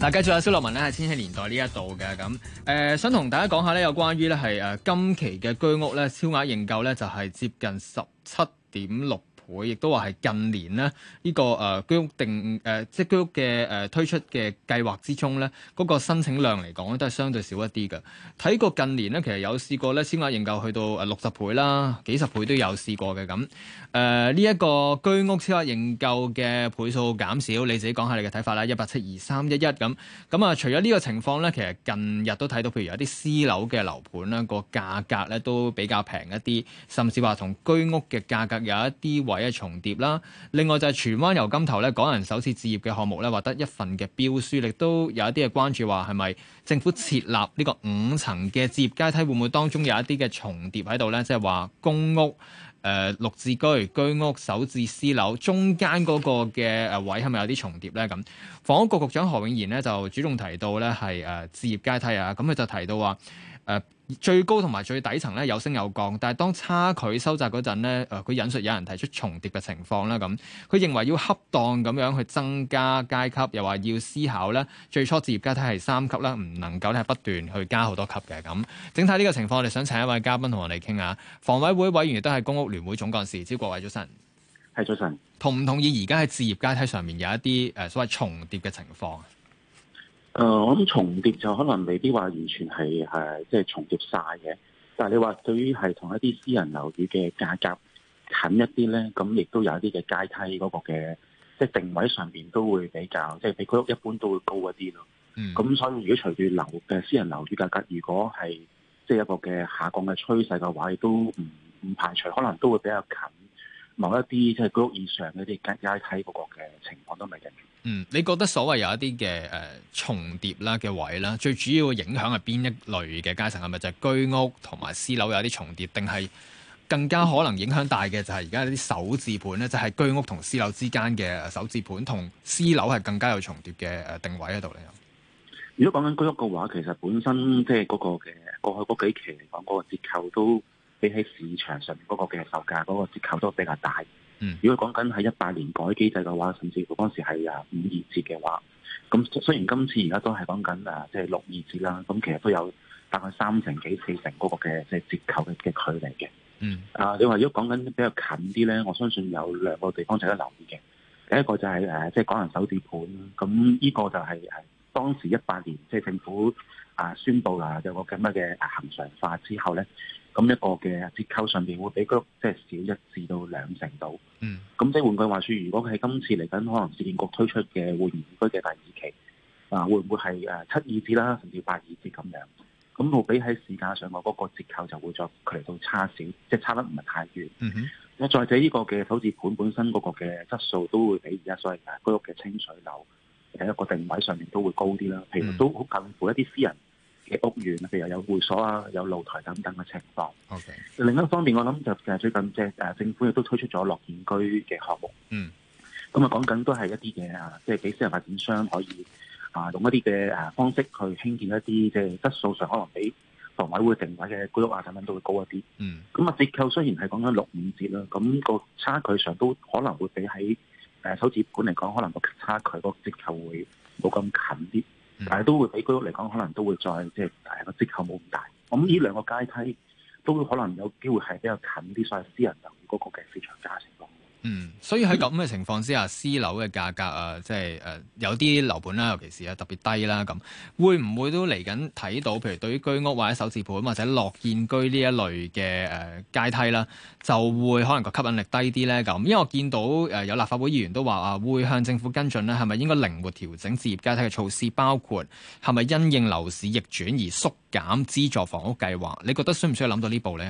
嗱，跟住阿蕭樂文咧係千禧年代呢一度嘅，咁，誒、呃、想同大家講下呢，有關於呢係誒今期嘅居屋呢，超額認購呢就係接近十七點六倍，亦都話係近年呢，呢個誒居屋定誒、呃、即係居屋嘅誒、呃、推出嘅計劃之中呢，嗰、嗰個申請量嚟講咧都係相對少一啲嘅。睇過近年呢，其實有試過呢超額認購去到六十倍啦，幾十倍都有試過嘅，咁。誒呢一個居屋超額認購嘅倍數減少，你自己講下你嘅睇法啦。一八七二三一一咁咁啊，除咗呢個情況呢，其實近日都睇到，譬如有啲私樓嘅樓盤呢個價格呢都比較平一啲，甚至話同居屋嘅價格有一啲位啊重疊啦。另外就係荃灣油柑頭呢，港人首次置業嘅項目呢，獲得一份嘅標書，亦都有一啲嘅關注，話係咪政府設立呢個五層嘅置業階梯會唔會當中有一啲嘅重疊喺度呢？即係話公屋。誒、呃、六字居居屋首字私樓，中間嗰個嘅誒位係咪有啲重疊咧？咁房屋局局長何永賢咧就主動提到咧係置業階梯啊，咁、嗯、佢就提到話誒。呃最高同埋最底層咧，有升有降，但係當差距收窄嗰陣咧，誒、呃、佢引述有人提出重疊嘅情況啦，咁佢認為要恰當咁樣去增加階級，又話要思考咧最初置業階梯係三級啦，唔能夠咧不斷去加好多級嘅咁。整體呢個情況，我哋想請一位嘉賓同我哋傾下，房委會委員亦都係公屋聯會總幹事，招國偉早晨，係早晨，同唔同意而家喺置業階梯上面有一啲誒、呃、所謂重疊嘅情況？誒、呃，我諗重疊就可能未必話完全係係、啊、即係重疊晒嘅，但係你話對於係同一啲私人樓宇嘅價格近一啲咧，咁亦都有一啲嘅階梯嗰個嘅即係定位上面都會比較即係比居屋一般都會高一啲咯。咁、嗯、所以如果隨住樓嘅私人樓宇價格如果係即係一個嘅下降嘅趨勢嘅話，亦都唔唔排除可能都會比較近。某一啲即係居屋以上嗰啲階階梯嗰個嘅情況都未定。嗯，你覺得所謂有一啲嘅誒重疊啦嘅位啦，最主要影響係邊一類嘅階層？係咪就係居屋同埋私樓有啲重疊，定係更加可能影響大嘅就係而家啲首置盤咧，就係、是、居屋同私樓之間嘅首置盤同私樓係更加有重疊嘅誒定位喺度咧？如果講緊居屋嘅話，其實本身即係嗰個嘅過去嗰幾期嚟講，嗰、嗰個折扣都。比起市場上邊嗰個嘅售價嗰、嗰個折扣都比較大。嗯、如果講緊喺一八年改機制嘅話，甚至乎當時係啊五二折嘅話，咁雖然今次而家都係講緊啊即係六二折啦，咁其實都有大概三成幾四成嗰個嘅即係折扣嘅嘅距離嘅。嗯、啊，你話如果講緊比較近啲咧，我相信有兩個地方值得留意嘅。第一個就係誒即係港人首置盤，咁呢個就係係當時一八年即係、就係、政府啊宣佈啊有個咁樣嘅恆常化之後咧。咁一個嘅折扣上邊會比居屋即係少一至到兩成度。嗯，咁即係換句話説，如果佢喺今次嚟緊可能市建局推出嘅會員區嘅第二期，啊，會唔會係誒、呃、七二折啦，甚至八二折咁樣？咁就比喺市價上個嗰、那個折扣就會再嚟到差少，即係差得唔係太遠。嗯哼，我再者呢、這個嘅首置盤本身嗰個嘅質素都會比而家所謂嘅居屋嘅清水樓嘅一個定位上面都會高啲啦，譬如都好近乎一啲私人。嘅屋苑，譬如有會所啊，有露台等等嘅情況。OK，另一方面，我諗就誒最近即係誒政府亦都推出咗樂建居嘅項目。嗯、mm.，咁啊講緊都係一啲嘢啊，即係俾私人發展商可以啊用一啲嘅誒方式去興建一啲即係質素，素上可能比房委會定位嘅居屋啊等等都會高一啲。Mm. 嗯，咁啊折扣雖然係講緊六五折啦，咁、那個差距上都可能會比喺誒首置盤嚟講，可能個差距個折扣會冇咁近啲。嗯、但係都會畀居屋嚟講可能都會再即係，誒個折扣冇咁大。咁呢、嗯、兩個階梯都會可能有機會係比較近啲，所以私人樓嗰個嘅市場價值。嗯，所以喺咁嘅情況之下，私樓嘅價格啊，即係誒有啲樓盤啦，尤其是啊特別低啦，咁會唔會都嚟緊睇到？譬如對於居屋或者首置盤或者樂建居呢一類嘅誒階梯啦，就會可能個吸引力低啲呢？咁。因為我見到誒、呃、有立法會議員都話啊，會向政府跟進呢係咪應該靈活調整置業階梯嘅措施？包括係咪因應樓市逆轉而縮減資助房屋計劃？你覺得需唔需要諗到呢步呢？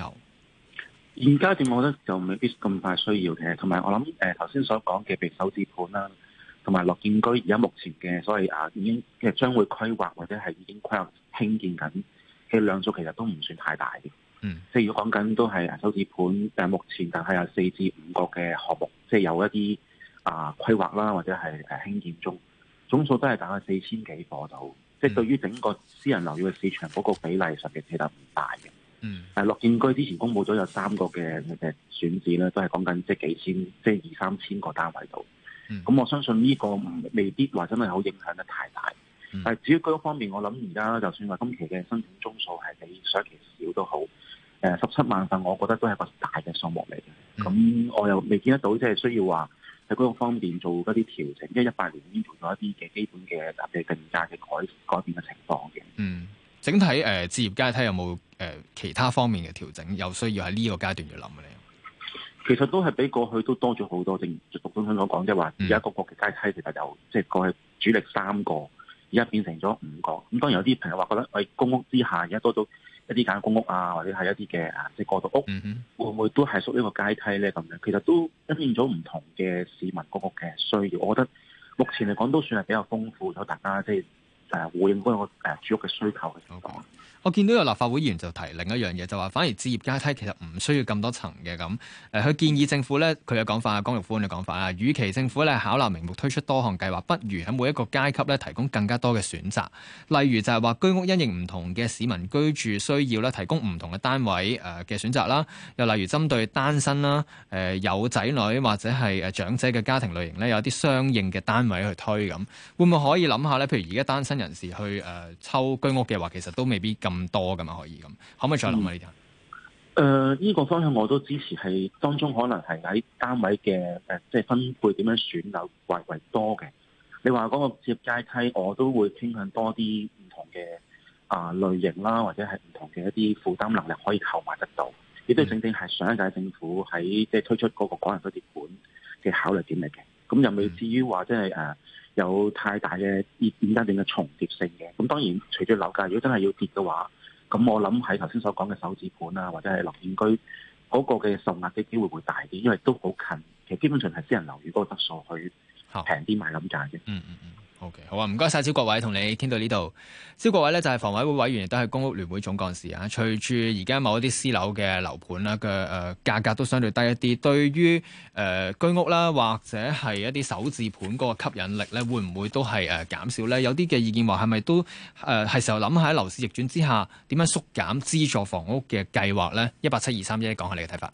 而家點我覺得就未必咁快需要嘅，同埋我諗誒頭先所講嘅譬如首置盤啦，同埋樂建居而家目前嘅，所謂啊已經其實將會規劃或者係已經規劃興建緊嘅量數，其實都唔算太大嘅。嗯，即係如果講緊都係首置盤，但係目前但係有四至五個嘅項目，即、就、係、是、有一啲啊規劃啦，或者係誒、啊、興建中，總數都係大概四千幾伙度，即係對於整個私人樓宇嘅市場嗰、那個比例，比例，實際其實唔大嘅。嗯，誒、嗯，樂建居之前公布咗有三個嘅嘅選址咧，都係講緊即係幾千，即係二三千個單位度。咁、嗯、我相信呢個未必話真係好影響得太大。但係至於居屋方面，我諗而家就算話今期嘅申請宗數係比上期少都好，誒、呃，十七萬份，我覺得都係一個大嘅數目嚟嘅。咁、嗯、我又未見得到即係需要話喺居屋方面做一啲調整，因為一八年已經做咗一啲嘅基本嘅，或者更加嘅改改變嘅情況嘅。嗯，整體誒，置、呃、業階梯有冇？其他方面嘅調整，有需要喺呢個階段去諗嘅咧。其實都係比過去都多咗好多，正如陸總生所講，即係話而家個國嘅階梯其實由即係過去主力三個，而家變成咗五個。咁當然有啲朋友話覺得，喂，公屋之下而家多咗一啲簡約公屋啊，或者係一啲嘅即係過渡屋，嗯、哼會唔會都係屬於呢個階梯咧？咁樣其實都因應咗唔同嘅市民嗰個嘅需要。我覺得目前嚟講都算係比較豐富咗，大家即係誒回應嗰個誒住、啊、屋嘅需求嘅情況。Okay. 我見到有立法會議員就提另一樣嘢，就話反而置業階梯其實唔需要咁多層嘅咁。誒、呃，佢建議政府咧，佢嘅講法啊，江玉歡嘅講法啊，與其政府咧考慮名目推出多項計劃，不如喺每一個階級咧提供更加多嘅選擇。例如就係話居屋因應唔同嘅市民居住需要咧，提供唔同嘅單位誒嘅選擇啦。又例如針對單身啦、誒、呃、有仔女或者係誒長者嘅家庭類型咧，有啲相應嘅單位去推咁。會唔會可以諗下咧？譬如而家單身人士去誒、呃、抽居屋嘅話，其實都未必夠。咁多噶嘛可以咁，可唔可以再諗下呢啲啊？誒、呃，依、這個方向我都支持，係當中可能係喺單位嘅誒、呃，即係分配點樣選樓為為多嘅。你話嗰個置業階梯，我都會傾向多啲唔同嘅啊、呃、類型啦，或者係唔同嘅一啲負擔能力可以購買得到。亦都正正係上一屆政府喺即係推出嗰個港人首置盤嘅考慮點嚟嘅。咁又未至於話，即係誒有太大嘅熱點一定嘅重疊性嘅。咁當然，隨住樓價如果真係要跌嘅話，咁我諗喺頭先所講嘅首置盤啦、啊，或者係林苑居嗰個嘅受壓嘅機會會大啲，因為都好近，其實基本上係私人樓宇嗰個質素去平啲賣咁價嘅。嗯嗯嗯。嗯。O.K. 好啊，唔該晒，招國偉同你傾到呢度。招國偉咧就係、是、房委會委員，亦都係公屋聯會總幹事啊。隨住而家某一啲私樓嘅樓盤啦嘅誒價格都相對低一啲，對於誒、呃、居屋啦或者係一啲首置盤嗰個吸引力咧，會唔會都係誒減少咧？有啲嘅意見話係咪都誒係、呃、時候諗下，喺樓市逆轉之下點樣縮減資助房屋嘅計劃咧？31, 一八七二三一，講下你嘅睇法。